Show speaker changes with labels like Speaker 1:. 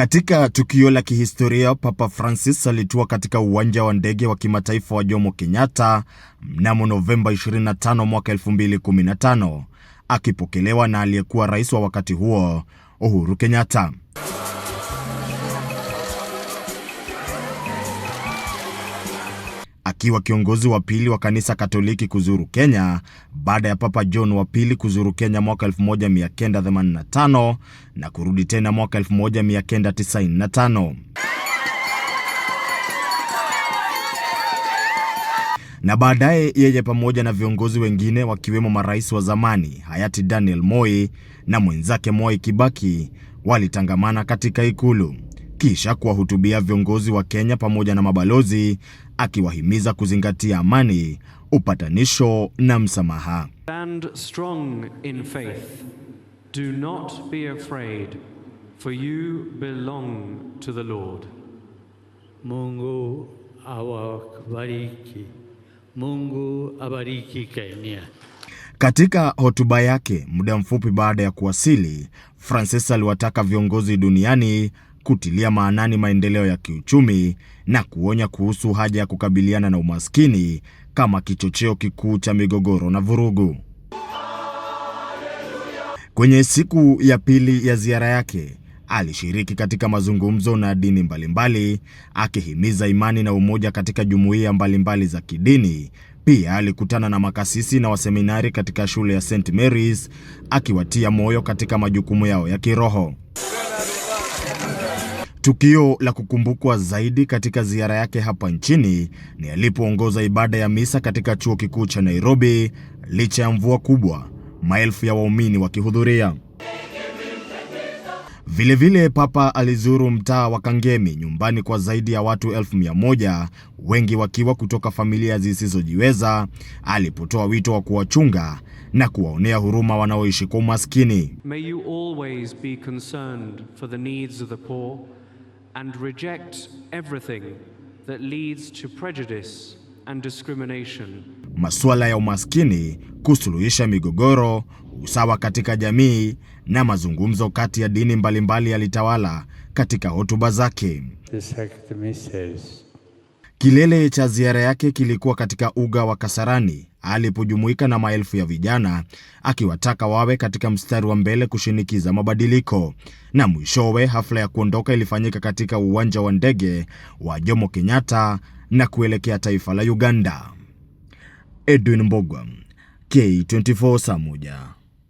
Speaker 1: Katika tukio la kihistoria, Papa Francis alitua katika uwanja wa ndege wa kimataifa wa Jomo Kenyatta mnamo Novemba 25 mwaka 2015, akipokelewa na aliyekuwa rais wa wakati huo Uhuru Kenyatta. akiwa kiongozi wa pili wa kanisa Katoliki kuzuru Kenya baada ya Papa John wa pili kuzuru Kenya mwaka 1985 na kurudi tena mwaka 1995. na baadaye yeye pamoja na viongozi wengine wakiwemo marais wa zamani hayati Daniel Moi na mwenzake Mwai Kibaki walitangamana katika ikulu kisha kuwahutubia viongozi wa Kenya pamoja na mabalozi akiwahimiza kuzingatia amani, upatanisho na msamaha.
Speaker 2: Stand strong in faith. Do not be afraid, for you belong to the Lord.
Speaker 3: Mungu awabariki. Mungu abariki Kenya.
Speaker 1: Katika hotuba yake muda mfupi baada ya kuwasili, Francis aliwataka viongozi duniani kutilia maanani maendeleo ya kiuchumi na kuonya kuhusu haja ya kukabiliana na umaskini kama kichocheo kikuu cha migogoro na vurugu. Kwenye siku ya pili ya ziara yake, alishiriki katika mazungumzo na dini mbalimbali, akihimiza imani na umoja katika jumuiya mbalimbali za kidini. Pia alikutana na makasisi na waseminari katika shule ya St Mary's, akiwatia moyo katika majukumu yao ya kiroho. Tukio la kukumbukwa zaidi katika ziara yake hapa nchini ni alipoongoza ibada ya misa katika chuo kikuu cha Nairobi licha ya mvua kubwa, maelfu ya waumini wakihudhuria. Vilevile Papa alizuru mtaa wa Kangemi, nyumbani kwa zaidi ya watu elfu mia moja, wengi wakiwa kutoka familia zisizojiweza, alipotoa wito wa kuwachunga na kuwaonea huruma wanaoishi kwa umaskini.
Speaker 4: May you always be concerned for the needs of the poor and reject everything that leads to prejudice and discrimination.
Speaker 1: Masuala ya umaskini, kusuluhisha migogoro, usawa katika jamii na mazungumzo kati ya dini mbalimbali yalitawala katika hotuba zake. Kilele cha ziara yake kilikuwa katika uga wa Kasarani alipojumuika na maelfu ya vijana akiwataka wawe katika mstari wa mbele kushinikiza mabadiliko. Na mwishowe hafla ya kuondoka ilifanyika katika uwanja wa ndege wa Jomo Kenyatta na kuelekea taifa la Uganda. Edwin Mbogwa, K24 saa moja.